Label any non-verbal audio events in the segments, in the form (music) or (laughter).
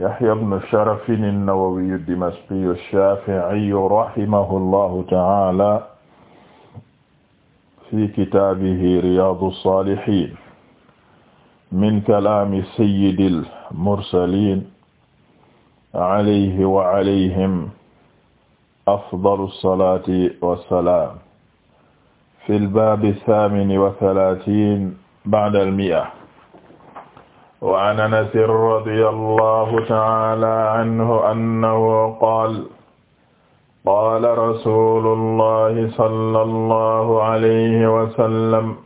Yahya ibn Sharaf an-Nawawi ad-Dimashqi ash-Shafi'i rahimahullahu ta'ala fi kitaabihi Riyaadu s-Saalihiin min kalaami sayyidil mursaliin alayhi wa alayhim afdalu salaati wa salaam fil baabi saamini wa salaatiin ba'dal mi'a wa an Anas radiyallahu ta'ala anhu annahu qaala qaala rasuulullahi sallallahu alayhi wa sallam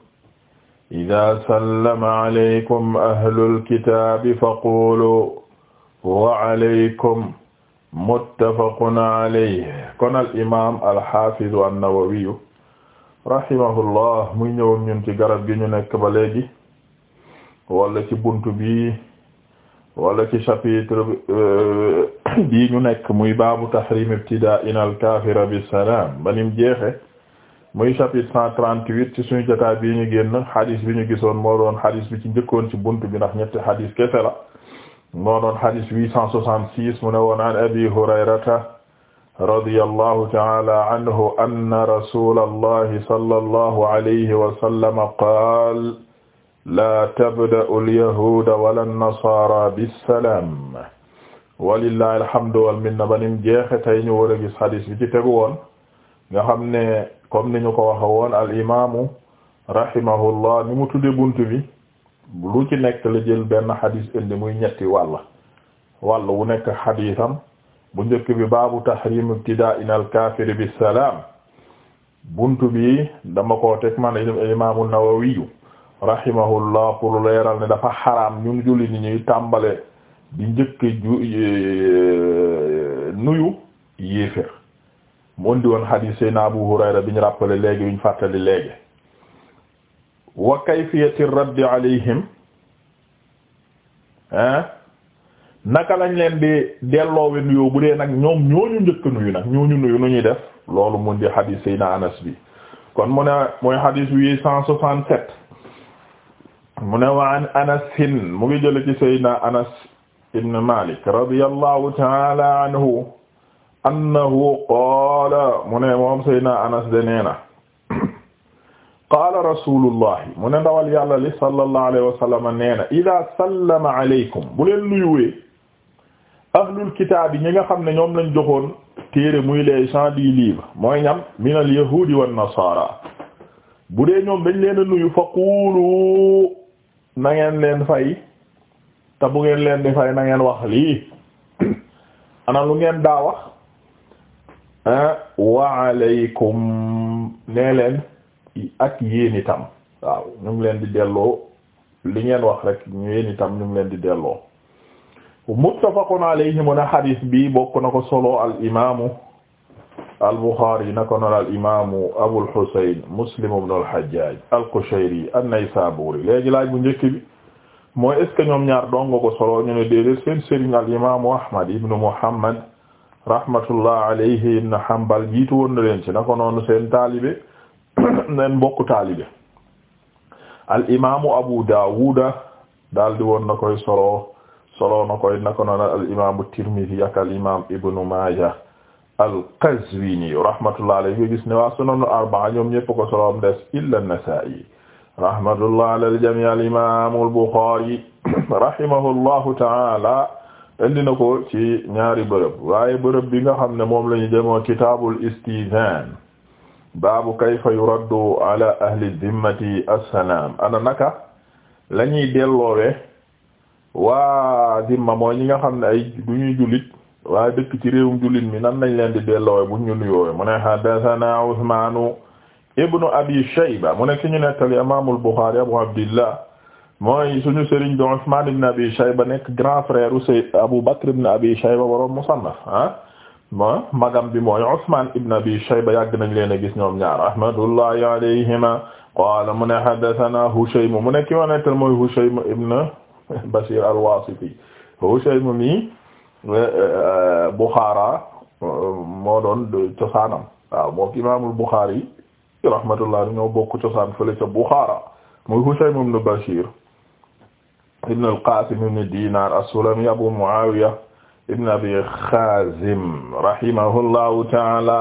idaa sallama alaykum ahlul kitaabi faquuluu wa alaykum muttafaqun alayhi kon al imaam al haafiz an-Nawawi rahimahullah muy ñëwoon ñun ci garab gi ñu nekk ba léegi. wala ci buntu bi wala ci chapitre bi euh, (coughs) ñu nekk muy baabu tahrim ibtida'ina al-kafira bis-salam banim jeexe muy chapitre cent trente-huit ci suñu jotaay bi ñu génn xadis bi ñu gisoon moo doon xadis bi ci njëkkoon buntu bi ndax ñetti xadis kese la moo doon xadis huit cent soixante-six mu ne woon an abi hurayrata radiyallahu ta'ala anhu anna rasulallahi sallallahu alayhi wa laa tabda'u al-yahuuda wala an-nasaara bis-salaam walillaahi alhamdu wal minna ba nim jeexe tey ñu war a gis xadis bi ci tegu woon nga xam ne comme ni ñu ko waxe woon al imaamu rahimahullah ni mu tudde bunt bi lu ci nekk la jël benn xadis indi muy ñetti wàll wàll wu nekk xadisam bu njëkk bi baabu tahrim ibtidaa'in al-kaafiri bis-salaam bunt bi dama koo teg man imaamu nawawiyu rahimahullah pour leeral ne dafa xaraam ñu julli ni ñuy tàmbale di njëkk e, nuyu yéefér mu indi woon xadiis sayna Abu Hurayra bi ñu rappelé léegi biñ fàttali léegi wa kayfiyati raddi alayhim naka lañ leen di wi nuyoo bu dee nag ñoom ñooñu njëkk nuyu nag ñooñu nuyu nu ñuy def loolu mu di xadiis sayna Anas bi kon mu ne mooy xadiis huit cent soixante-sept mu ne wa an anasin mu ngi jële ci sayyidina anas ibn malik radiyallahu taala anhu annahu qaala mu ne moom sayyidina anas de neena qaala rasulullahi mu ne ndawal yàlla li sallallahu alayhi wa sallam neena ida sallama aleykum bu leen nuyuwee ahlul kitaab yi ñi nga xam ne ñoom lañ joxoon téere muy les gens du livre mooy ñam min al yahudi wan nasara bu dee ñoom dañ leen a nuyu fa quulu na leen fay te bu ngeen leen di fay na ngeen wax lii (clears throat) ana lu ngeen daa wax eh, waaleykum nee leen ak yéen itam waaw ñu ngi leen di delloo li ngeen wax rek yéen itam ñu ngi leen di delloo naa alayhi mu ne xadis bi bokk na ko solo al imaamu al-Bukhari naka noonu al imaamu Abul Husayn Muslim ibn al-Hajjaj al-Qushayri an-Naysaburi léegi laaj bu njëkk bi mooy est ce ñoom ñaar dongo ko solo ñu ne déedéet seen sëriñ al imaamu Ahmad ibn Muhammad rahmatullah alayhi ibn Hanbal jiitu woon na leen ci seen taalibe neen (coughs) mbokku taalibe al imaamu Abu Dawuda daal di woon na koy solo solo na koy naka noonu al imaamu Tirmidhi ak al imaam Ibn Maaja al-Qazwini rahmatullah alayhi nga gis ne waa sunanu arbaa ñoom ñëpp ko solo am des illa an-Nasa'i rahmatullah al-jami' al-imam al-Bukhari rahimahullahu ta'ala indi na ko ci ñaari bërëb waaye bërëb bi nga xam ne moom la ñu jëmoo kitaabul istizan baabu kayfa yuraddu ala ahli dhimmati as-salam ana naka la ñuy delloowe waa dhimma mooy ñi nga xam ne ay du ñuy jullit waaye dëkk ci réewum jullit mi nan nañ leen di delloowe bu ñu nuyoowe mu ne hadathana usmanu ibnu abi shayba mu ne ki ñu nettali imamul bukhari abu abdillah mooy suñu sëriñ do usman ibn abi shayba nekk grand frère u say abu bakr ibn abi shayba boroom musannaf ah ma magam bi mooy usman ibn abi shayba yàgg nañ leen a gis ñoom ñaar rahmatullahi alayhima qaala mu ne hadathana hushaym mu ne ki ñu nettali mooy hushaym ibn bashir al-wasiti hushaym mi Euh, euh, Bukhara euh, moo doon cosaanam waaw moo ki imaamul Bukhari rahmatullah ñoo bokk cosaan fële ca Bukhara muy Hushaym ibn Bashir ibn al-Qasim ibn Dinar as-Sulami Abu Muawiya ibn Abi Khazim rahimahullahu ta'ala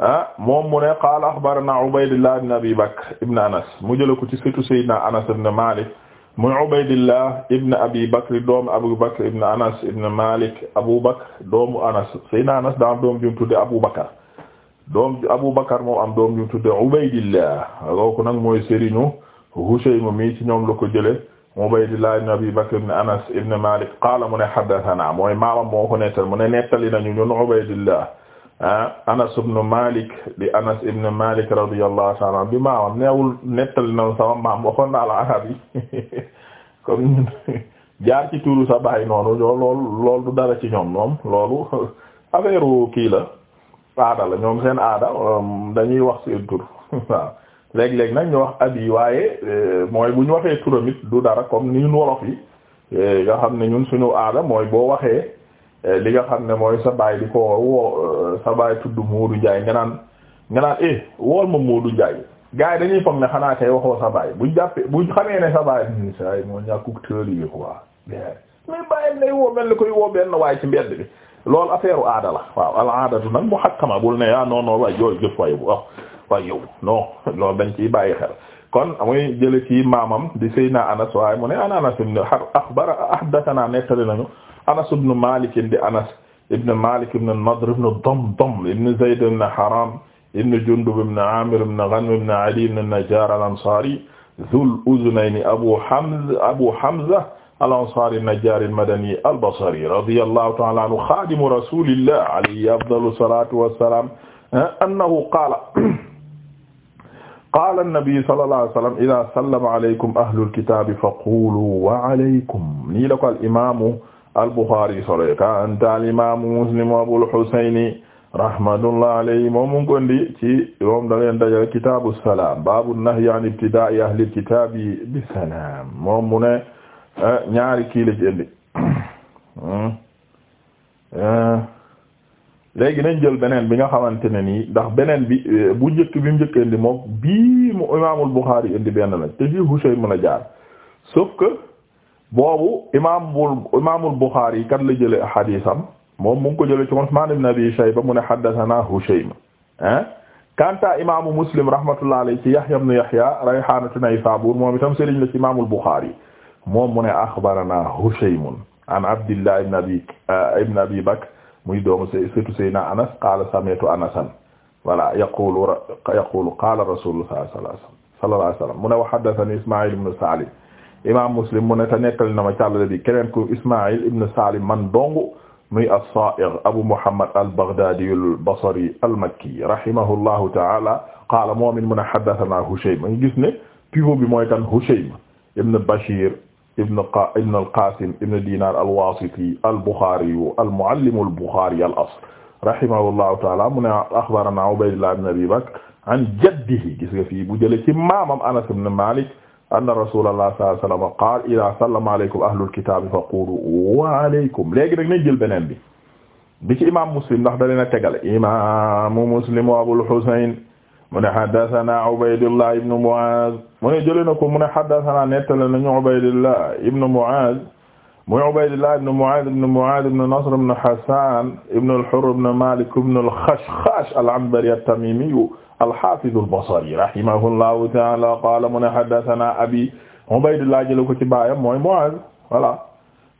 ah, moom mu ne qaala akhbarana Ubaydullah ibn Abi Bakr ibn Anas mu jël ko ci sëtu Sayyidina Anas ibn Malik muy Ubaydillah ibn Abi Bakr doomu Abu Bakr ibn Anas ibn Malik Abu Bakr doomu Anas Seydina Anas daa am doom ju mu tudde Abu Bakr doom Abu Bakr moo am doom ju mu tudde Ubaydillah kooku nag mooy sëriñu Husaym mi ci ñoom la ko jële Ubaydillah ibn Abi Bakr ibn Anas ibn Malik qaala mu ne haddathana mooy maamam moo ko nettal mu ne nettali nañu ñun Ubaydillah Ah, Anas ibn Malik di Anas ibn Malik radiyallahu ta'ala bi maamam neewul nettali na sama maam waxoon naa la arab yi comme (laughs) (laughs) jaar ci turu sa baay noonu lool lool du dara ci ñoom ñoom loolu (laughs) affaire kii la aada la ñoom seen aada um, dañuy wax seen tur waaw léeg-léeg nag ñu wax ab yi waaye eh, mooy bu ñu waxee turam du dara comme ni ñun wolof yi eh, nga xam ne ñun suñu aada mooy boo waxee. Eh, li nga xam ne mooy sa baay di ko woo eh, sa baay tudd Moodu Njaay nga naan nga naan eh wool ma Moodu Njaay gars yi dañuy foog ne xanaa kay waxoo sa baay buñ jàppee buñ xamee ne sa baay hmm, saa yi moo ñàkkug mel ni koy woo benn waaye ci mbedd bi loolu affaire u aada la waaw al aadatu nag mu xakkama bul ne ah non non waay yooyu jëf waay bu waay yow non (laughs) loolu dañ ciy bàyyi xel kon muy jële ci maamam di Seydina Anas waaye mu ne an Anas ibn Har akhbara ah, ahdathana nettali nañu Anas ibn Malik di Anas ibn Malik ibn Nadr ibn Damdam ibn Zayd ibn Haram ibn Jundub ibn Amir ibn Ghanm ibn Ali ibn Najjar al-Ansari Dhul Uznayn Abu Hamza Abu Hamza al-Ansari an-Najjar al-Madani al-Basri radiyallahu ta'ala anhu khadimu rasulillah alayhi afdalu salatu wassalam annahu qala qaala annabi sallallahu alayhi wa sallam idaa sallama aleykum ahlul kitaabi fa quulu wa aleykum nii la ko al imaamu al-Bukhari solo kanta al-imaamu Muslim Abul Husayn rahmatullah alayhi moom mu ngi ko indi ci moom da leen dajale kitaabu salaam baabu nahyi an ibtidaa'i ahli kitaabi bi salaam moom mu ne eh, ñaari kii ci indi eh, léegi nañ jël beneen bi nga xamante ne nii ndax beneen bi eh, bu njëkk bi mu njëkk indi moom bii imaamul Bukhari indi benn lañ te fii Husayn mën a jaar sauf que. boobu imaamul imaamul Buxaari kat la jëlee xadiisam moom mu ngi ko jëlee ci Usmaan ibn Abi Shayba mu ne haddasanaa Hushaym ah. Kanta imaamu Muslim rahmatullahi alayhi ci Yahya ibn Yahya rayhaanatu Naysaabuur moom itam sëriñ la ci imaamul Buxaari moom mu ne axbaranaa Hushaym an Abdillah ibn Abi euh, ibn Abi Bakr muy doomu sëtu Seydina Anas qaala sami'tu Anasan voilà yaqulu yaqulu qaala Rasuulullaah sallallaahu alayhi wa sallam mu ne wa haddathanii Ismaa'iil ibn Saalim imam Muslim mu ne te nettali na ma càllale bi keneen ku Ismaïl ibn Salim man dong muy as-Sa'igh Abu Muhammad al-Baghdadi al-Basri al-Makki rahimahullahu ta'ala qaala moom it mu ne haddathana Hushaym ñu gis ne pivot bi mooy kan Hushaym ibn Bashir ibn qa ibn al-Qasim ibn Dinar al-Wasiti al-Bukhari al-muallim al-Bukhari al-asl rahimahullahu ta'ala mu ne akhbarana Ubaydullah ibn Abi Bakr an jaddihi gis nga fii bu jëlee ci maamam Anas ibn Malik anna rasulallah sallallahu alayhi wasallam qaal ila sallama aleykum ahlul kitaabi fa quulu waaleykum léegi nag nañ jël beneen bi bi ci imam muslim ndax da leen a tegale imamu muslim wa abul husayn mu ne haddathana ubaydullah ibnu muaz mu ne jëlee na ko mu ne haddathana nettale nañu ubaydullah ibnu muaz muy ubaydullah ibnu muaz ibnu muaz ibnu nasr ibnu hasan ibnu al-hurr ibnu malik ibnu al-khashkhash al-anbari at-tamimi al-Hafiz al-Basri rahimahullahu ta'ala qala mu ne haddathana abi Ubaydullah jëla ko ci baayam mooy Mu'az voilà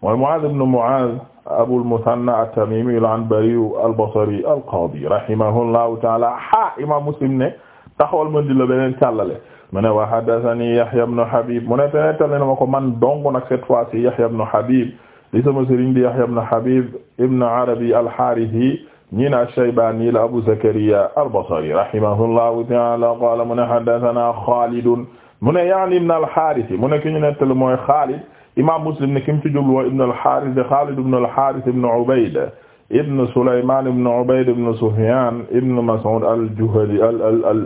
mooy Mu'az ibn Mu'az Abul Muthanna at-Tamimi al-Anbari al-Basri al-Qadi rahimahullahu ta'ala ha imam Muslim ne taxawal mën di la beneen càllale mu ne wa haddathani Yahya ibn Habib mu ne tenettal ne ma ko man dong nag cette fois-ci Yahya ibn Habib li sama sëriñ di Yahya ibn Habib ibn Arabi al-Harithi ñi na Shaybaani la Abu Zakariya al-Basri rahimahullahu ta'ala qala mu ne haddathana Xaalidun mu ne yaani ibn al-Haaris mu ne ki ñu nettali mooy Xaalid imaam Muslim ne ki mu ci jublu mooy ibn al-Haaris de Xaalid ibn al-Haaris ibn Ubayd ibn Sulaymaan ibn Ubayd ibn Sufyaan ibn Mas'uud al-Juhani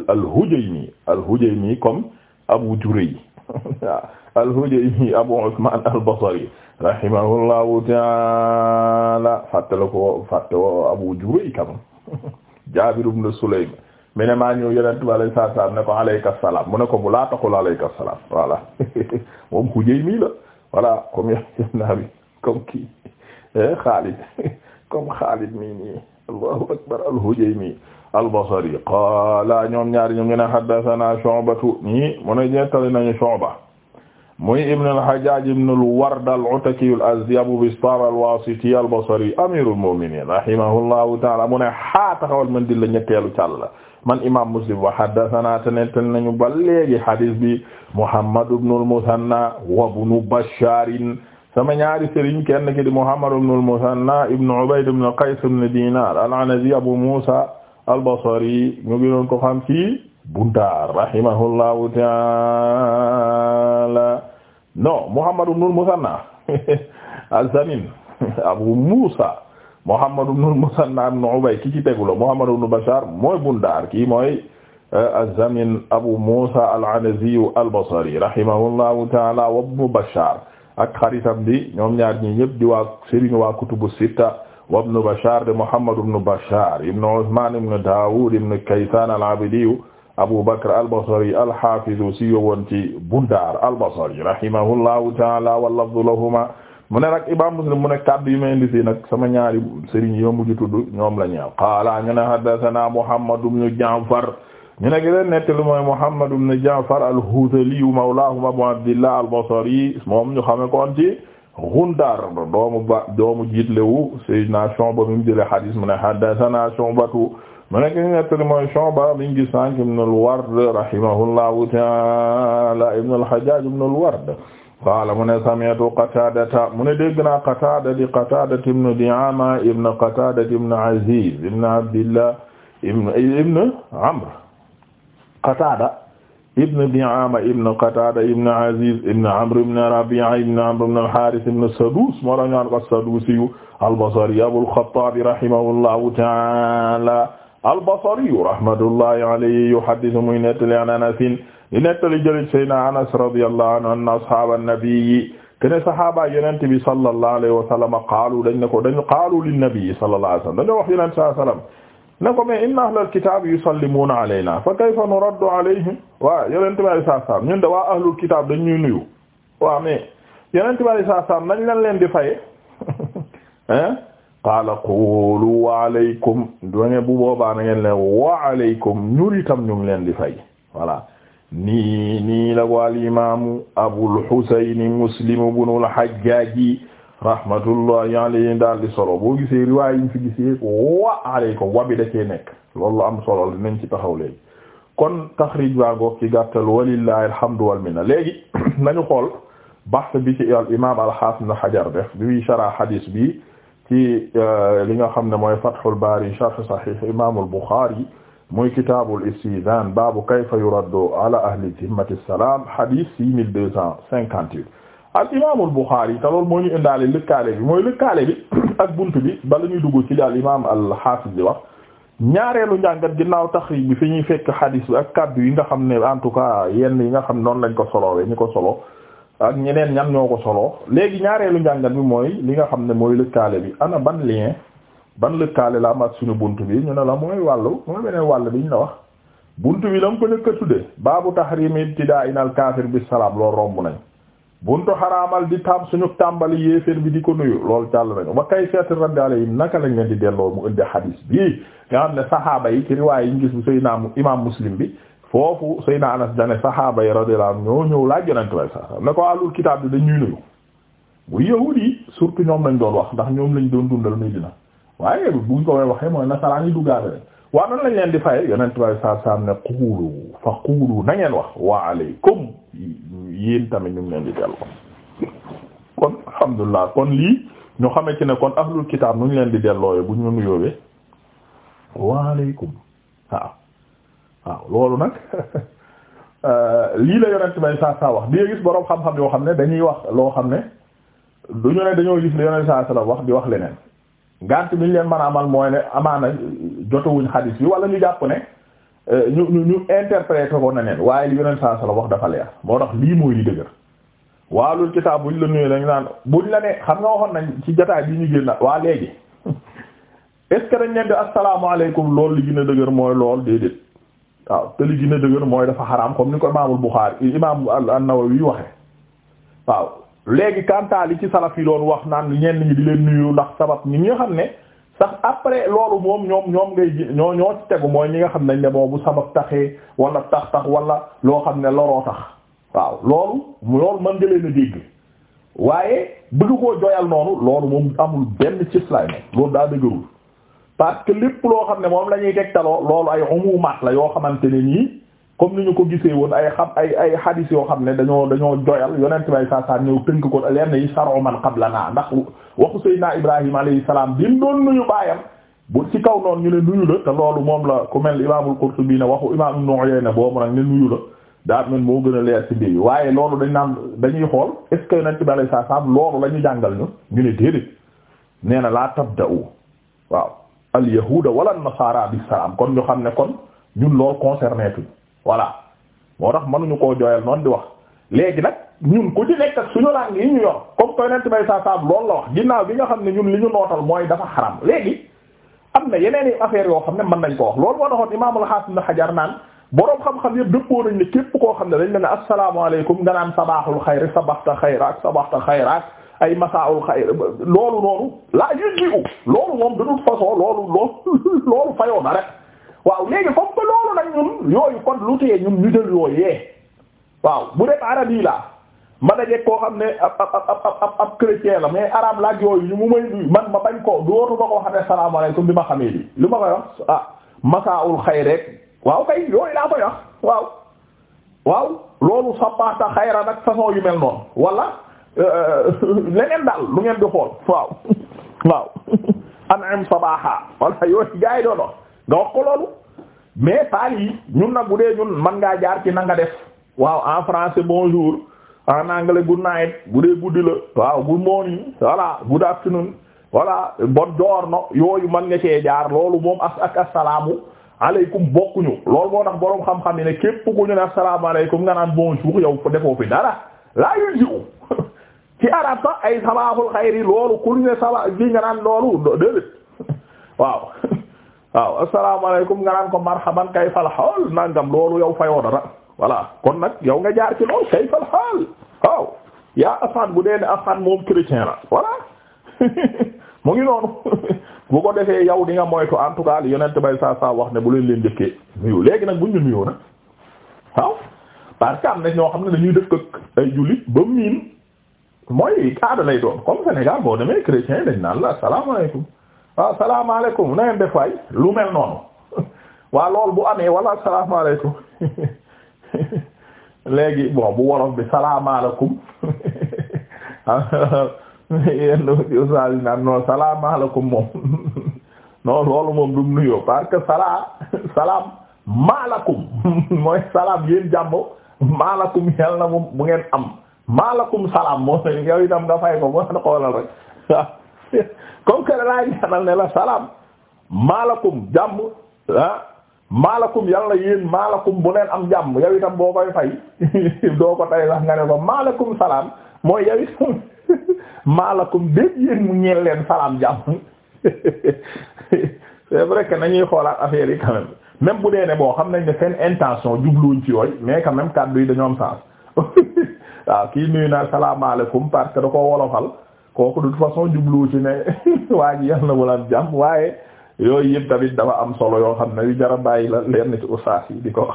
al-Hujaymi al-Hujaymi comme Abu Jurayj (laughs) al-Hujaymi Abu Usmaan al-Basri rahimahullahu taala fàttala ko fàtte wo Abu Juray kam (laughs) Jaabir ibn Sulaym mi ne maa ñëw yenent bi alay saat salaam ne ko alayka salaam mu ne ko bu laa taqul alayka salaam voilà (laughs) moom Hujaymi mii la voilà comme yamnaa bi comme kii (laughs) eh, Xaalid comme Xaalid mii nii allahu akbar al-Hujaymi al-Basri qaala ñoom ñaari ñoom ñu ne haddathana Shu'batu ñii mu ne ñettali nañu Shu'ba muy ibn al-Hajjaj ibn al-Ward al-Ataki al-Azdi Abu Bistam al-Wasiti al-Basri amirul mu'minin rahimahullahu ta'ala mu ne xaata xawal man di la ñetteelu càll la man imam Muslim wa haddathana tanettal nañu ba léegi hadis bi Muhammad ibn al-Muthanna wa ibn Bashar sama ñaari sëriñ kenn ki di Muhammad ibn al-Muthanna ibn Ubayd ibn Qays ibn Dinar al-Anazi Abu Musa al-Basri ñu ngi doon ko xam ci Buntaar rahimahullahu taala non Muhammad ibnul Musanna (laughs) (laughs) eh, az-Zamin Abu Muusa Muhammad ibnul Musanna ibnu Ubay kii mooy az-Zamin Abu Muusa al-Anazi al-Basri rahimahullahu taala wa Bashar ak xaritam bi ñoom ñaar ñi ñëpp di waa sëriñ waa kutubu sitta wa ibnu Bashar de Muhammad ibnu Bashar ibnu Usmaan ibnu Daawud ibnu Kaysaan al-Abdi Abu Bakr al-Basri al-Hafiz si yowoon ci Bundaar al-Basri rahimahullahu ta'ala wa lafdu lahuma mu ne nag Imam Muslim mu ne kaddu yu ma indi fii nag sama ñaari sëriñ yi ma mujj tudd ñoom la ñeew qaala ñu ne haddathana Muhammad ibn Ja'far ñu ne gëleen nettali mooy Muhammad ibn Ja'far al-Hudhali mawlahum Abu Abdillah al-Basri moom ñu xame koon ci Ghundar doomu ba doomu jiitlewu Sayyidina Shu'ba mi mu jële hadis mu ne haddathana Shu'batu mu nekk ñu nettali mooy Shu'ba mi ngi sànq ibn al-Ward rahimahullahu ta'ala ibn al-Hajjaj ibn al-Ward qaala mu ne sami'tu Qataadata mu ne dégg naa Qataada di Qataada ibn Di'aama ibn Qataada ibn Aziz ibn Abdillah ibn ibn Amr Qataada ibn Di'aama ibn Qataada ibn Aziz ibn Amr ibn Rabi'a ibn Amr ibn al-Haaris ibn Saduus moo la ñu naan ko Saduusi al-Basri Abul Khattaab rahimahullahu ta'ala albasariyu rahmatullahi alayhi yuhaddisu muy nettali an anasin di nettali jëlëj sayna anas radiyallahu anhu anna ashaba annabiyi kene sahaaba yonente bi sallallahu alayhi wa sallam qaalu dañ ne ko dañ qaalu linnabii sallallahu alayhi wa sallam dañoo wax yonente sallallahu alayhi wa sallam ne ko mais inna ahlal kitaab yusallimuuna alaynaa fa kayfa nuraddu alayhim waaw yonente bi alayhi salaam ñun de waa ahlul kitaab dañ ñuy nuyu waaw mais yonente bi alayhi salaam nañ leen leen di faye (laughs) qaala qulu waaleykum doone bu boobaa na ngeen leen waaleykum ñun itam ñu ngi leen di fay voilà nii nii la ko al imaamu Abul Husayn Muslim ibnul Hajjaaji rahmatullahi alayhi daal di solo boo gisee riwaay yi fi gisee waaleykum wa bi da cee nekk loolu am solo dinañ ci taxaw léegi kon taxriij baa ngoog ci gàttal walillahi alhamdu wal minna léegi (clears throat) nañu xool baxs bi ci al imaam al-Haafiz Ibn Hajar def bi sharh hadiis bi. ci euh, li nga xam ne mooy Fathul Baari sharh Sahih Imaam al-Bukhari muy kitaabul istizaan baabu kayfa yuraddu ala ahli zimmati salaam hadith six mille deux cent cinquante huit al Imaam al-Bukhari te loolu moo ñu indaale lëkkaale bi mooy lëkkaale bi (coughs) ak buntu bi bala ñuy dugg ci li al Imaam al-Hafiz di wax ñaareelu njàngat ginnaaw taxriij bi fi ñuy fekk hadith ak kaddu yi nga xam ne en tout cas yenn yi nga xam noonu lañ ko solowee ñu ko solo ak ñeneen ñan ñoo ko solo léegi ñaareelu njàngat bi mooy li nga xam ne mooy lëkkaale bi ana ban lien ban lëkkaale la am ak suñu bunt bi ñu ne la mooy wàllu mooy beneen wàll bi ñu la wax bunt bi la mu ko njëkk a tuddee baabu tahrimi ibtidaa'in al kaafir bi salaam loolu romb nañ buntu xaraamal di tam suñu tàmbali yéeféer bi di ko nuyu loolu jàll nañu wa kayfiyatu raddi alayhim naka lañ leen di delloo mu indi hadis bi nga xam ne saxaaba yi ci riwaay yi ñu gis bu sooy imaam muslim bi foofu Seydina Anas dane saxaaba yi radiyallahu anhum ñoo ñëw laaj yonent way sa ne ko ahlul kitaab bi dañuy nuyu bu yahuudi yi surtout ñoom lañ doon wax ndax ñoom lañu doon dundal muy dina waaye bu ko way waxee mooy nasaraan yi duggaale rek waaw nan lañ leen di faye yonent way sa saam ne quulu fa quulu na ngeen wax wa alaykum yéen tamit ñu ngi leen di delloo kon alhamdulillah kon lii ñu xamee ci ne kon ahlul kitaab nu ñu leen di dellooyee bu ñu nuyoowee wa waaw loolu nag euh, lii la yonent bay saa saa wax di gis boroom xam-xam yoo xam ne dañuy wax loo xam ne du ñu ne dañoo gis li yonent saa saa wax di wax leneen gàtt bi ñu leen mën a amal mooy ne amaana jotewuñ xadiis bi wala ñu jàpp ne euh, ñu ñu ñu interprété ko na neen waaye li yonent saa saa wax dafa leer moo tax lii mooy li dëgër waalul kitaab buñ la nuyee dañ naan buñ la ne xam nga waxoon nañ ci jotaay bi ñu génn waa léegi (laughs) est ce dañ leen di asalaamaaleykum loolu li gën a dëgër lool déedéet waaw te li gën a dëgër mooy dafa xaraam comme ni ko imaamul Buxaari imaam an-Nawawi waxee waaw léegi kantaa li ci salaf yi doon wax naan ñenn ñi di leen nuyu ndax sabab ñi nga xam ne sax après loolu moom ñoom ñoom ngay ñoo ñoo ci tegu mooy ñi nga xam nañ ne boobu sabab taxee wala tax tax wala loo xam ne loroo tax waaw loolu loolu mën nga leen a dégg waaye bëgg koo joyal noonu loolu moom amul benn cëslaay moom loolu daa dëgërul parce que lépp loo xam ne moom la ñuy tegtaloo loolu ay umumaat la yoo xamante ne nii comme ni ñu ko gisee woon ay xam ay ay xadis yoo xam ne dañoo dañoo joyal yonent bay saa saa ñëw tënk ko leen yi sar'u man naa ndax waxu Seydina Ibrahima alayhi salaam bi mu doon nuyu baayam bu ci kaw noon ñu ne nuyu la te loolu moom la ku mel Imaamul Qurtubi ne waxu Imaam Ibn Uyayna boobu nag ne nuyu la daa mel moo gën a leer ci biir waaye loolu dañ naan dañuy xool est ce que yonent bi alayhi la ñu jàngal ñu ñu nee na laa tabda'u al yahuda wala nasaara bi salaam kon ñu xam ne kon ñun lool concerné tuñ moo tax mënuñu koo jooyal noonu di wax léegi nag ñun ku ci nekk ak suñu laa ngi ñu yor comme koy nent bay saa saab loolu la wax ginnaaw bi nga xam ne ñun li ñu nootal mooy dafa xaram léegi am na yeneen i affaires yoo xam ne mën nañ ko wax loolu moo taxoon imaamul xaafis na xajar naan boroom xam-xam yëpp dëppoo nañ ne képp koo xam ne dañ la ne asalaamaaleykum nga naan sabaaxul xayri sabaxta xayraak sabaxta xayraak ay masaul xayr loolu noonu laa yujjiu loolu moom de toute façon loolu loolu (laughs) loolu na rek waaw léegi comme que loolu nag ñun yooyu kon lu tee ñun ñu jël yooyee waaw bu def arab yi laa man a koo xam ne ab ab ab ab chrétien la mais arab laaj yooyu ñu mu may man ma bañ ko dootu ba koo xam ne salaamaaleykum bi ma xamee li ma koy wax ah masaul xayr rek waaw kay yooyu laa koy wax waaw waaw loolu sapata xayra nag façon yu mel noonu wala Euh, leneen daal lu ngeen di xool waaw waaw an'am sabaha wala yooyu gars yi nga wax ko loolu mais taal ñun nag bu dee ñun man ngaa jaar ci nanga def waaw en français bonjour en anglais good night bu dee guddi la waaw good morning voilà good afternoon voilà bon joorno yooyu man nga cee jaar loolu moom as ak asalaamu aleykum bokkuñu loolu moo tax boroom xam-xam yi ne képp ku ñu ne asalaamaaleykum nga naan bonjour yow defoo fi dara laa yu ci arab sax ay sabaaxul xayri loolu ku ne saba ji nga naan loolu déedéet (laughs) waaw (laughs) waaw asalaamaaleykum nga naan ko marhaban kayfal haal nangam loolu yow fayoo dara voilà kon nag yow nga jaar ci loolu kayfal haal waaw yaa afaan bu dee ne afaan moom chrétien la voilà (laughs) mu ngi noonu bu ko defee yow di nga moytu en tout cas yonent bay saa saa wax ne bu leen leen njëkkee nuyu léegi nag bu ñu nuyoo nag waaw parce am na ñoo xam ne dañuy def ko ay jullit mooy aada lay doon comme Sénégal boo demee chrétien dañ naan la asalaamaaleykum waaw ah, asalaamaaleykum na ngeen def waay lu mel noonu (laughs) waa loolu bu amee wala asalaamaaleykum (laughs) léegi bon bu wolof bi salaamaaleykum (laughs) ah, yenn usage yi naan non salaamaaleykum moom non loolu moom du mu nuyoo parce que salaam salaam maalakum mooy salaam yéen jàmm maalakum yàlla na mu bu ngeen am. maalakum salaam moo yow itam nga fay ko moo tax xoolal rek waaw (laughs) comme que laa ñaanal ne la salaam maalakum jàmm ah maalakum yàlla yéen maalakum bu leen am jàmm yow itam boo koy fay (laughs) doo ko tay sax nga ne ko maalakum salaam mooy yow itam (laughs) maalakum bépp yéen mu ñeel leen salaam jàmm c'est vrai que nañuy xoolaat affaire yi quand bu dee ne boo xam nañ ne seen intention jubluwuñ ci yooyu mais quand kàddu yi dañoo am sens. waaw kii nuyu na salaamaaleykum parce que da ko wolofal kooku de façon jublu ci ne (laughs) na mu la waaye yooyu yëpp tamit dafa am solo yoo xam ne yu jara bàyyi la leer na ci ustaas yi di ko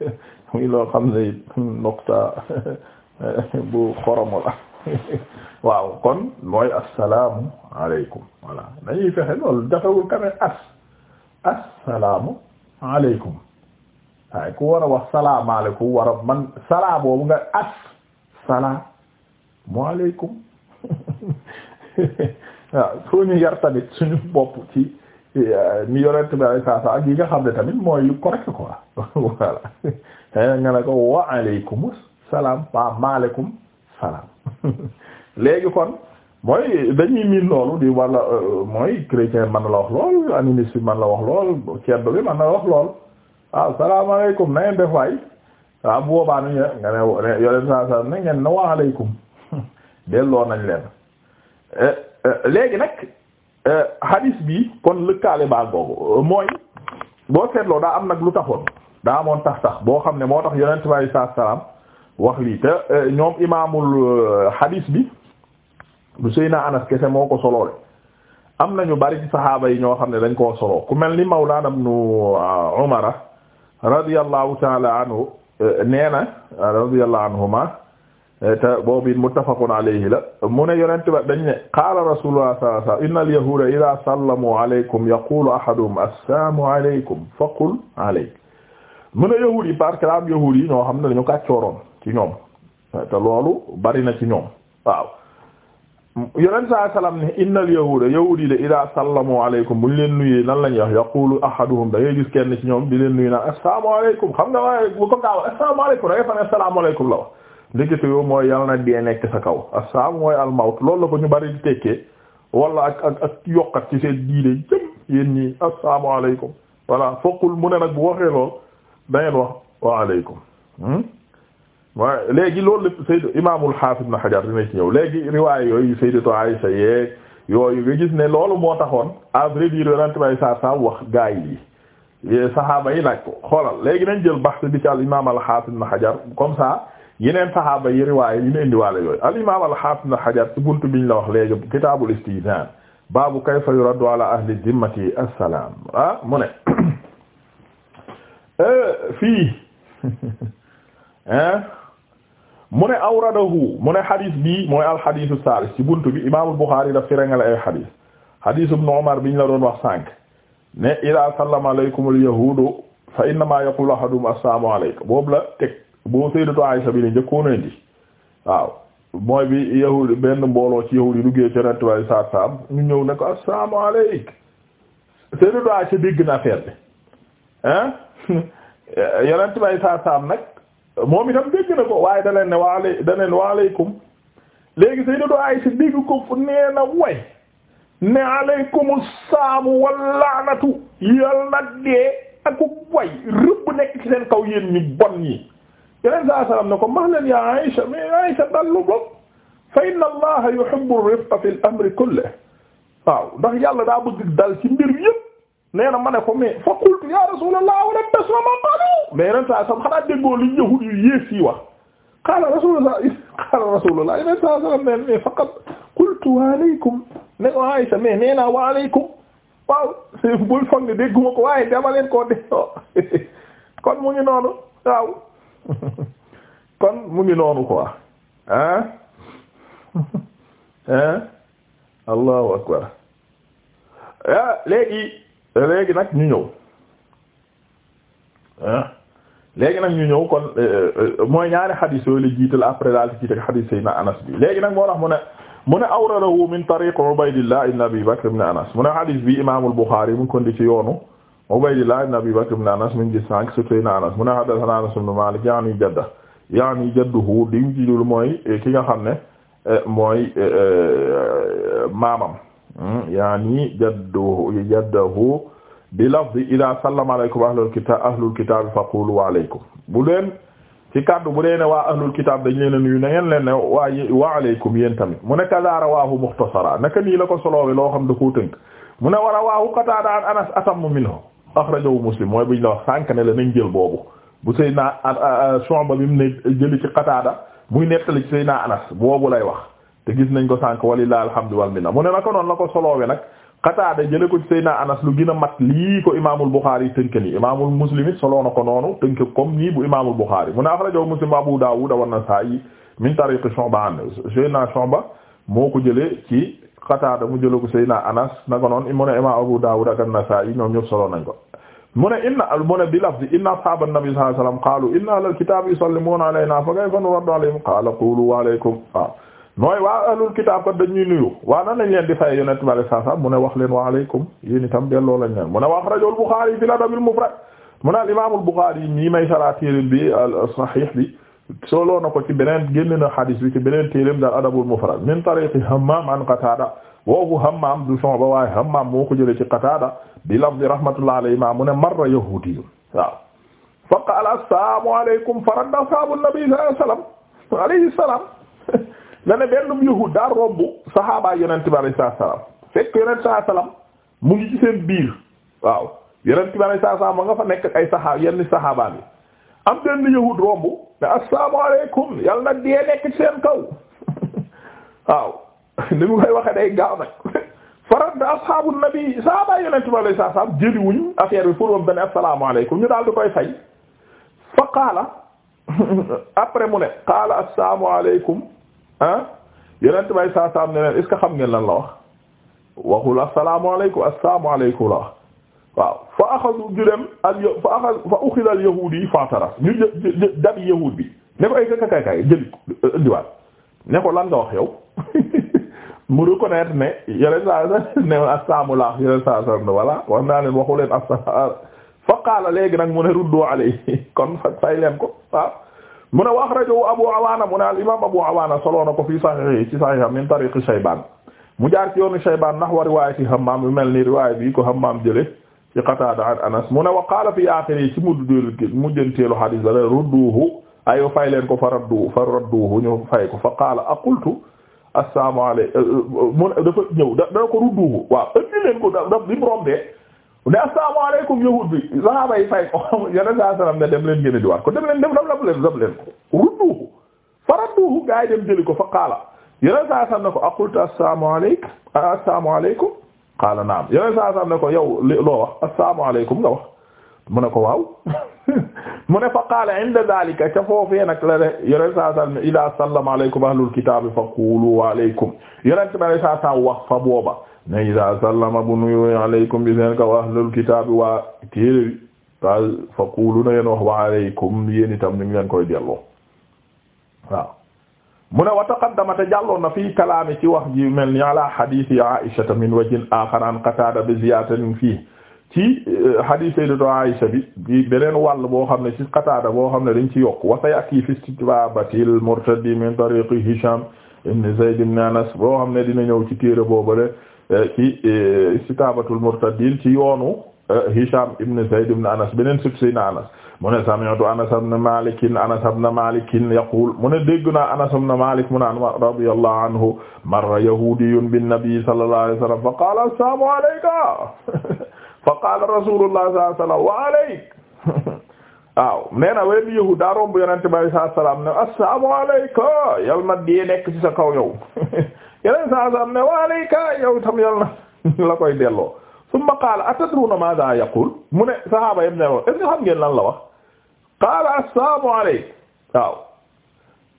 (laughs) muy loo xam ne hmm, nokta (laughs) bu xoromu la waaw kon mooy assalaamu aleykum voilà dañuy fexe loolu jafewul quand même assalaamu aleykum waaye ku war a wax salaamaaleykum war a man salaa boobu nga as salaamu aleykum (laughs) waaw soo ñu yar tamit suñu bopp ci mi eh, yonent bi alayhi salaatu ak yi nga xam ne tamit mooy yu correct quoi (laughs) voilà nga ne ko wa aleykum salaam wa maalekum salaam (laughs) léegi kon mooy dañuy miin loolu di wala euh, mooy chrétien man la wax lool animiste bi man la wax lool ceddo bi man la wax lool waaw ah, salaamaaleykum na ngeen def waay waaw bu boobaa nañ leen nga ne yoleen saa saa na ngeen ne wa aleykum (laughs) delloo nañ leen eh, eh, léegi nag eh, hadis bi kon lëkkaale baa googu mooy boo seetloo daa am nag lu taxoon daa amoon tax tax boo xam ne moo tax yonent bi alayhi salaatu salaam wax lii te ñoom imaamul hadis bi lu Seyna Anas kese moo ko soloole am na ñu bari ci saxaaba yi ñoo xam ne dañ koo soloo ku mel ni Mawlaana ibnu Umara radiyallahu ta'ala anhu nee na radiyallahu anhuma te boobu it la mu ne yonent ba dañ ne qaala rasulullah sallallahu alayhi wa sallam inna al-yahuda idha sallamu alaykum yaqulu ahaduhum assalamu alaykum faqul alayk mu ne yahuud yi parce que ñoo xam ne dañu kàccooroon ci ñoom te loolu bari na ci ñoom waaw yonent saa salaam ne innal yahuuda yahuud yi de idaa sallamu aleykum bu ñu leen nuyee lan la ñuy wax yaqulu ahaduhum da gis kenn ci ñoom di leen nuyu naan asalaamaaleykum xam nga waaye bu ko gaaw asalaamaaleykum da ngay fan asalaamaaleykum la wax ndekete yow mooy yal na dee nekk sa kaw asalaam mooy almawt loolu la ko ñu bari di tekkee wala ak ak ak yokkat ci seen diine jëm yéen ñii asalaamaaleykum voilà foqul mu ne nag bu waxee lool da ngeen wax waaleykum. Hmm? waa léegi loolu lépp imaamul Haafid na Hajar dina ci ñëw léegi riwaay yooyu Sayyidatu Aïsa yeeg yooyu nga gis ne loolu moo taxoon à vrai dire saa saa wax gaay yi eh, saxaaba yi laaj ko xoolal léegi nañ jël baxs bi ci al imaam al Haafid na Hajar comme ça yeneen saxaaba yi riwaay yi ñu indiwaale yooyu al imaam al Haafid na Hajar ci buntu biñ la wax léegi kitaabul istizaan baabu kayfa yuraddu ala ahli dimmati assalaam ah mu ne (coughs) eh, fii. (laughs) Eh, mu ne aw awradahu mu ne xadis bii mooy alxadisu saalis ci bunt bi imaamul Buxaari daf fi rengale ay xadis xadisu ibnu Umar biñ la doon wax sànq ne ida sallama aleykum alyahudu fa innama yaqulu ahaduhum assalaamu aleykum boobu la teg boo sayyidatu Aysa bi ne njëkkoon waaw mooy bi yahud benn mbooloo ci yahud yi duggee saat saam ñu ñëw ne ko assalaamu aleyk sayyidatu dégg na affaire bi ah (laughs) Yonent bi saat saam nag moom itam dégg na ko waaye da leen ne waa da leen waaleykum léegi Sayyidatu Aisha dégg ko fu nee na way ne aleykumu saamu wallaanatu yal na dee ak way rëbb nekk ci seen kaw yéen ñi bon ñi. yeneen saa salaam ne ko max leen yaa Aisha mais Aisha dallu bopp fa inna Allaha yuhibbu rifqa fil amri kullihi waaw ndax yàlla daa bëgg dal nee na ma ne ko mais fa qultu ya rasulallah wala tasma ma qalu mais yeneen saa sam xanaa déggoo li yahud yu yées yi wax qaala rasulullah qaala rasulullah yeneen saa sallam ne mais faqad qultu wa alaykum ne ko Aisha mais nee naa wa alaykum waaw bul foog ne dégguma ko waaye dama leen koo delloo (laughs) kon mu ngi noonu waaw (laughs) kon mu ngi noonu quoi ah (laughs) ah allahu akbar ah, léegi léegi nag ñu ñëw léegi nag ñu ñëw kon euh, euh, mooy ñaari xadis yooyu la jiital après daal ci teg xadis Seydina Anas bi léegi nag moo tax mu ne mu ne awradahu min tariq Ubaydillah ibn Abi Bakr ibn Anas mu ne xadis bi imaamul Buxaari mu ngi kon di ci yoonu Ubaydillah ibn Abi Bakr ibn Anas min gis sànq Seydina Anas mu ne haddathana Anas ibn Malik yaani jadda yaani jadduhu di ci dul mooy eh, ki nga xam ne eh, mooy eh, maamam Hmm? yaani jadduhu jaddahu bi lafzi ida sallama aleykum ahlul kitab ahlul kitab faqulu wa bu leen ci kaddu bu dee ne waa ahlul kitab dañ leen a na ngeen leen ne waa wa aleykum yéen mu ne kaza rawaahu mukhtasara naka nii la ko soloowe loo xam da koo tënk mu ne war a waawu qataada an anas atammu minhu akhrajahu muslim mooy buñ la wax sànk ne la nañ jël boobu bu Seydina Shu'ba bi mu ne jëli ci qataada muy nettali ci Seydina anas boobu lay wax te gis nañ ko sànq walilah alhamdu wal minna mu ne naka noonu la ko soloowe nag Qataada jële ko ci Seydina Anas lu gën a mat lii ko imaamul Buxaari tënk ni imaamul Muslim it soloo na ko noonu tënk comme nii bu imaamul Buxaari mu ne axrajahu Muslim Abu Daawuud wa Nasaa'i min tariiqi Shu'ba an Seydina Shu'ba moo ko jëlee ci Qataada mu jële ko Seydina Anas naka noonu mu ne imaam Abu Daawuud ak Nasaa'i ñoom ñëpp soloo nañ ko mu ne inna mu ne bi lafzi inna ashaaba mooy waa ahlul kitaab kat dañuy nuyu waa nan lañ leen di fay yonent bi alayhi salaam mu ne wax leen wa aleykum yéen itam delloo lañ leen mu ne wax rajul Bukhari fil adabil mufrad mu ne al imaamul Bukhari ñii may sara téereem bi al sahih bi soloo na ko ci beneen génn na hadis bi ci beneen téereem daal adabul mufrad min tariqi Hammaam an Qataada woowu Hammaam du son ba waaye Hammaam moo ko jëlee ci Qataada bi lafdi rahmatullahi alayhi ma mu ne marra yahuudi waaw fa qaala assalaamu aleykum fa radda ashaabu nabi sallallahu alayhi wasallam na ne benn yahuud daa romb saxaabaay yonent bi alayhi salaam fekk yonent salaam mu ngi ci seen biir waaw yonent bi alayhi salaam ma nga fa nekk ay saxaaba yenn saxaabaa bi am benn yahuud romb ne assalaamu alaykum yal na dee nekk ci seen kaw (laughs) waaw (laughs) ni mu koy waxee day gaaw nag (laughs) farat da ashaabu nabi saxaabaay yonent bi alayhi salaam jëliwuñ affaire bi pour woon benn assalaamu alaykum ñu daal di koy fay fa qaala après mu ne qaala assalaamu alaykum ah yonent bay saa saam ne leen est-ce xam ngeen lan la wax waxul asalaamaaleykum asalaamaaleykum la wax waaw fa axadu ju dem al fa axad fa uxida yi faataras ñu jë dab yahuud bi ne ko ay kay kay jëli indiwaat ne ko lan nga wax yow (laughs) mu reconnaître ne yonent saa sax ne asalaamullah yonent saa sax ne voilà wax naa leen waxu leen asalaam fa qaala nag mu ne ruddu alayhi (laughs) kon fay leen ko waaw. mu ne wa akhrajahu Abu Awaana mu ne al imaam Abu Awaana solo na ko fii saxiix ci saxiix min tariqi Shaybaan mu jaar ci yoonu Shaybaan nahwa riwaayati Hammaam bi mel ni riwaay bi ko Hammaam jële ci Qataada an Anas mu ne wa qaala fi aaxiri ci mujj mujjanteelu hadiis ba rudduuhu ayo fay leen ko fa raddu fa radduuhu ñu fay ko fa qaala aqultu assalaamu alaykum mu ne dafa ñëw da da ko rudduuhu waaw indi leen ko da da bi mu rombee ne asalaamaaleykum yahud bi saxaaba yi fay yeneen saa salaam ne dem leen di waat ko dem leen dem ko rudduhu faradduhu gaa yi dem jëli ko fa qaala yeneen saa salaam ne ko aqultu asalaamaaleykum asalaamaaleykum qaala naam yeneen saa salaam ne ko yow loo wax asalaamaaleykum nga wax mu ne ko waaw (laughs) mu ne fa qaala inda daalika ca foofee nag la ne yeneen saa salaam ne idaa sallama aleykum ahlul kitaabi fa quulu fa booba. ne iza sallama bu nuyoo aleykum bi seen kaw ahlul kitaabi waa téere bi na yéen wax wa ni ngi leen koy delloo waaw mu ne wa taqaddama na fii kalaami ci wax ji mel ni ala hadiisi Aïsha min wajhin aaxar an Qataada bi ziyaadatin fii ci hadiis eh, Sayyidatu Aïsha bi bi beneen wàll boo xam ne ci Qataada boo xam ne dañ ci yokk wa sayaatii fi istijaabatil murtadi min tariiqi Hishaam ibn Zayd ibn Anas boo xam ne dina ñëw ci téere boobale Euh, ci istitaabatul euh, murtaddiin ci yoonu euh, Hisham ibn Zayd ibn Anas beneen sëb si na Anas mu ne sami'tu Anas ibn Malik Anas ibn Malik yaqul mu ne dégg naa Anas ibn Malik mu naan radiyallahu anhu marra yahuudiyyun bin-nabi sallallahu alayhi wa sallam fa qaala assalaamu alayka (laughs) fa qaala rasulullah sallallahu alayhi wa sallam wa alayk (laughs) waaw nee na wenn yahuud daa romb Yonent bi sallallahu alayhi wa sallam ne assalaamu alayka yal na dee nekk ci sa kaw yow (laughs) yeneen saa ne wa alayka tam yàlla (laughs) la koy delloo summa qaala atadruuna maadaa yaqul mu ne saxaaba yam ne woon est xam ngeen lan la wax qaala assalaamu alayka waaw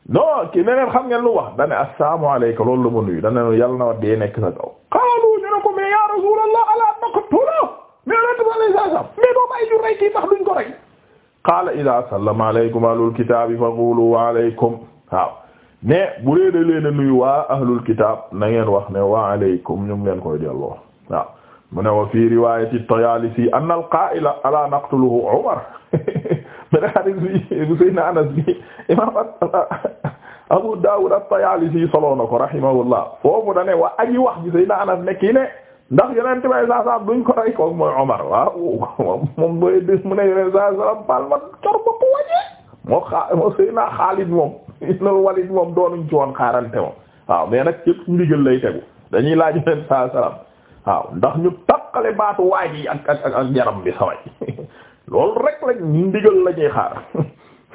non ki neneen xam ngeen lu wax dane assalaamu alayka loolu mu nuyu dane noonu yàlla na wax dee nekk sa qaalu ñu ne ko mais ya rasuulallah alaa naqtulu mais loolu dafa lay saa saam mais doo bàyyi ñu rey kii ndax duñ ko rey qaala idaa fa quulu wa alaykum waaw ne bu dee da nuyu waa ahlul kitaab na wax ne wa aleykum ñu leen koy delloo waaw mu ne wa fii riwaayati Tayaalisi anna al-qaa'ila alaa naqtuluhu Umar (laughs) beneen bi bu Anas bi imaam Abu Daawud at-Tayaalisi soloo na ko rahimahullah foofu da ne wa aji wax bi Seydina Anas ne kii ne ndax Yonent bi sallallahu alayhi wa sallam ko rey kooku mooy Umar waaw moom mooy mu ne Yonent bi sallallahu alayhi wa sallam baal ma cor moo xa moo sëy naa Xaalid moom loolu Walid moom doonuñ ci woon xaarante moom waaw mais nag képp ndigal dañuy laaj leen saa salaam waaw ndax ñu takkale baatu waaj yi ak ak yaram bi saway (laughs) lool rek lañ ndigal la ñuy xaar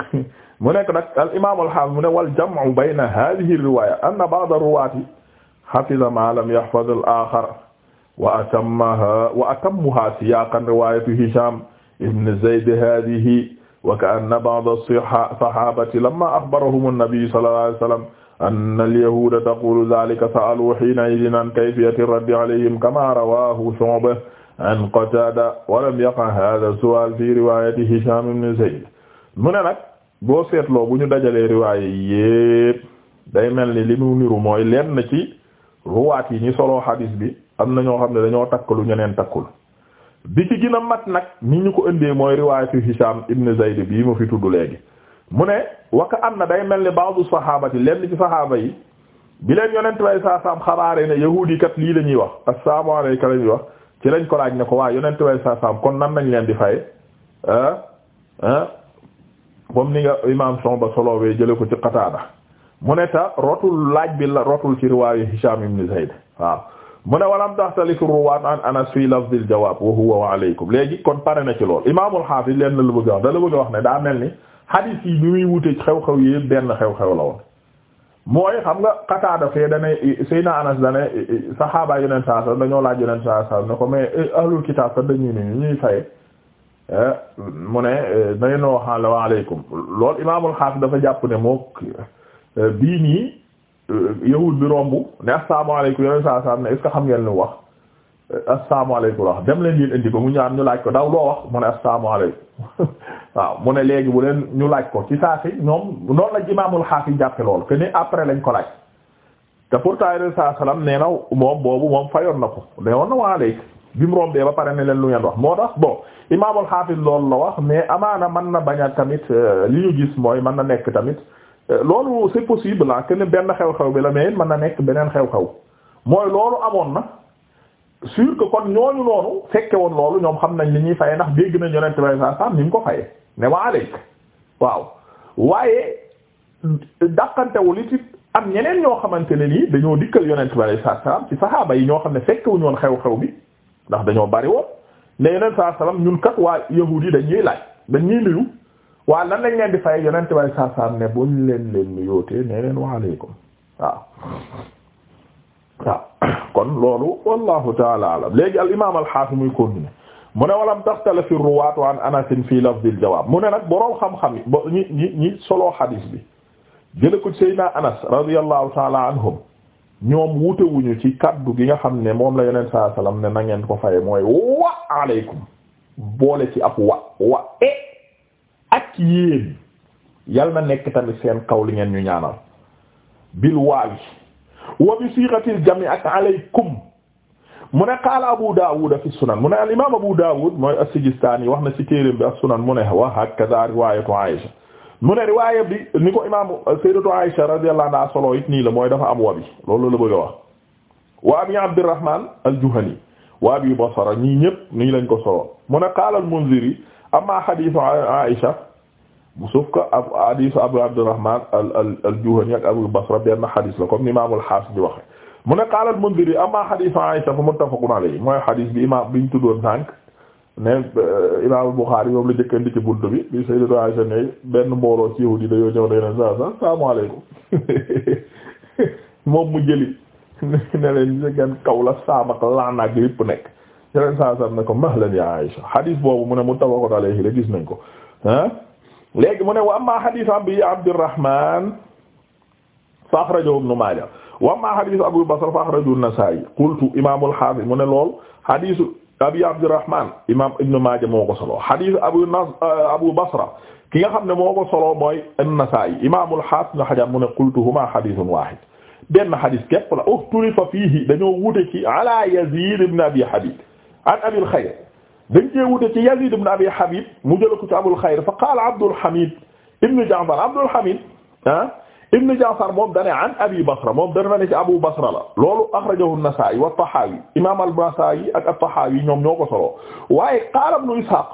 (laughs) mu nekk nag al imaam al haafis mu ne wal jam'u bayna haadihi riwaaya anna ba'da ruwaati hafiza maa lam yahfaz al aaxar wa atammaha wa atammuha siyaaqan riwaayatu Hishaam ibn wa ka'anna ba'd as-sahabati lamma akhbarahum an-nabi sallallahu alayhi wasallam anna al-yahuda taqulu dhalika sa'alu hina'idhin an kayfiyati ar-raddi alayhim kama rawahu Shu'ba an Qatada wa lam yaqa hadha as-su'al fi riwayati Hisham ibn Zayd mu ne nag boo seetloo bu ñu dajalee riwaaya yépp day mel ni li mu niru mooy lenn ci ruwaat yi ñi soloo hadis bi am na ñoo xam ne dañoo takk lu ñeneen takkul bi ci gën mat nag ni ñu ko indee mooy riwaayatu Hisham ibn Zayd bii ma fi tudd léegi mu ne waka am na day mel ni ba'du saxaabati lenn ci saxaaba yi bi leen yonent bay saa saam xabaare ne yahuudi kat lii la ñuy wax assalaamu alayka ka ñuy wax ci lañ ko laaj ne ko waaye yonent bay saa saam kon nan nañ leen di faye ah, ah comme ni nga imam Somba solowee jële ko ci Qataada mu ne ta rotul laaj bi la rotul ci riwaayu Hisham ibn Zayd waaw mu ne walam taxtalif ruwaat an anas fi lafdil jawaab wa huwa wa aleykum léegi kon pare na ci lool imaamul xaafis leen la bëgg a wax da la bëgg a wax ne daa mel ni hadith yi bi muy wute xew-xew yi benn xew-xew la woon mooy xam nga Qataada fee dana Seydina Anas dana saxaaba yonent saa saa dañoo laa yonent saa saa ne ko mais eh, ahlul kitaab sax dañuy ni ñuy faye eh, mu ne na eh, ngeen waxaale wa aleykum lool imaamul xaafis dafa jàpp ne mook bii Euh, yahud bi romb ne asalaamaaleykum yooyu saa saa ne est-ce xam ngeen lu wax euh, asalaamaaleykum wax dem leen yéen indi ko mu ñaan ñu laaj ko daw loo wax mu ne asalaamaaleykum (laughs) waaw mu ne léegi bu leen ñu laaj ko ci saa si ñoom noonu la imaamul xaafis jàppe loolu que après lañ ko laaj te pourtant yoneen saa salaam nee na moom boobu moom fayoon na ko nee woon na waaleykum bi mu rombee ba pare ne leen lu ngeen wax moo tax bon imaamul xaafis loolu la wax mais amaana mën na bañ tamit euh, li ñu gis mooy na nekk tamit. loolu c'est possible ah que benn xew-xew bi la mais mën na nekk beneen xew-xew mooy loolu amoon na sûr que kon ñooñu noonu fekke woon loolu ñoom xam nañ li ñuy fayee ndax dégg nañ yonent bay sa sam ni mu ko fayee ne waa aleyk waaw waaye dàqantewul it am ñeneen ñoo xamante ne nii dañoo dikkal yonent bay sa sam ci saxaaba yi ñoo xam ne fekkewuñu woon xew-xew bi ndax dañoo bari woon ne yonent saa salaam ñun kat waa yahuud yi dañuy laaj dañuy nuyu waaw lan lañ leen di fay yonent bay saasaan ne buñ leen leen nu yootee ne leen waaleykum waaw waaw kon loolu wallahu taala alam léegi al imam alxaafis muy continuer mu ne walam taxtalif ruwaatu an anasin fi lafdil jawaab mu ne nag boroom xam-xam yi bo ñi ñi ñi xadiis bi jële ko anas radiallahu taala anhum ñoom wutewuñu ci kaddu gi nga xam ne moom la yonent saa sallam ne na ngeen ko faye mooy wa aleykum boole ci ab wa wa e ak yéen yal na nekk tamit seen kaw li ngeen ñu ñaanal bil waawi wa bi siixatil ak alaykum mu ne qaala abu daawud fi sunan mu ne al imaam abu daawud mooy as wax na ci téereem bi as-sunan mu ne wa hakaza riwaayatu aisha mu ne riwaaya bi ni ko imaam sayyidatu aisha radiyallahu anha solo it nii la mooy dafa am wa bi loolu la bëgg a wax wa abi abdurrahman al-juhani wa abi basra ñii ñépp nii lañ ko solo mu ne qaala al-munziri amma hadiisu sauf que ab hadis Abu Abdurrahman al al-Juhani ak Abu Basra benn hadis la comme Imaam al-Hasan di waxee mu ne qaala al-Mundhiri amma hadis Aisha fa muttafaqun alayhi mooy hadis bi imaam bi ñu tuddoon sànq ne euh, Imaam al-Bukhari moom la njëkk a indi ci bunt bi bi Sayyidatu Aisha ne benn mbooloo ci yahuudi dañoo ñëw ne leen saa saa salaamu aleykum moom mu jëli ne leen ñu la saam ak laan ak lépp nekk yeneen saa saa ne ko mahlan ya Aisha hadis boobu mu ne muttafaqun alayhi la gis nañ ko léegi mu ne wa amma hadith abi Abdurrahman fa akhrajahu Ibn Majah wa amma hadith Abu Bakr fa akhrajahu An-Nasa'i qultu imam al-Hafiz mu ne lool hadith abi Abdurrahman imam Ibn Majah moo ko solo hadith Abu Nas euh, Abu Basra ki nga xam ne moo ko solo mooy An-Nasa'i imam al-Hafiz Ibn Hajar mu ne qultuhuma hadithun wahid benn hadith képp la ukhtulifa fihi dañoo wute ci ala Yazid ibn Abi Habib an Abi al-Khayr dañ cee wute ci Yazid ibn Abi Habib mu jëla ko ci Abul Xayr fa qaala Abdul Hamid ibn Ja'far Abdul Hamid ah ibn Ja'far moom dane an Abi Basra moom dana ne ci Abu Basra la loolu axrajahu an-Nasaa'i wa at-Tahaawi imaam an-Nasaa'i ak at-Tahaawi ñoom ñoo ko solo waaye qaala Ibn Ishaaq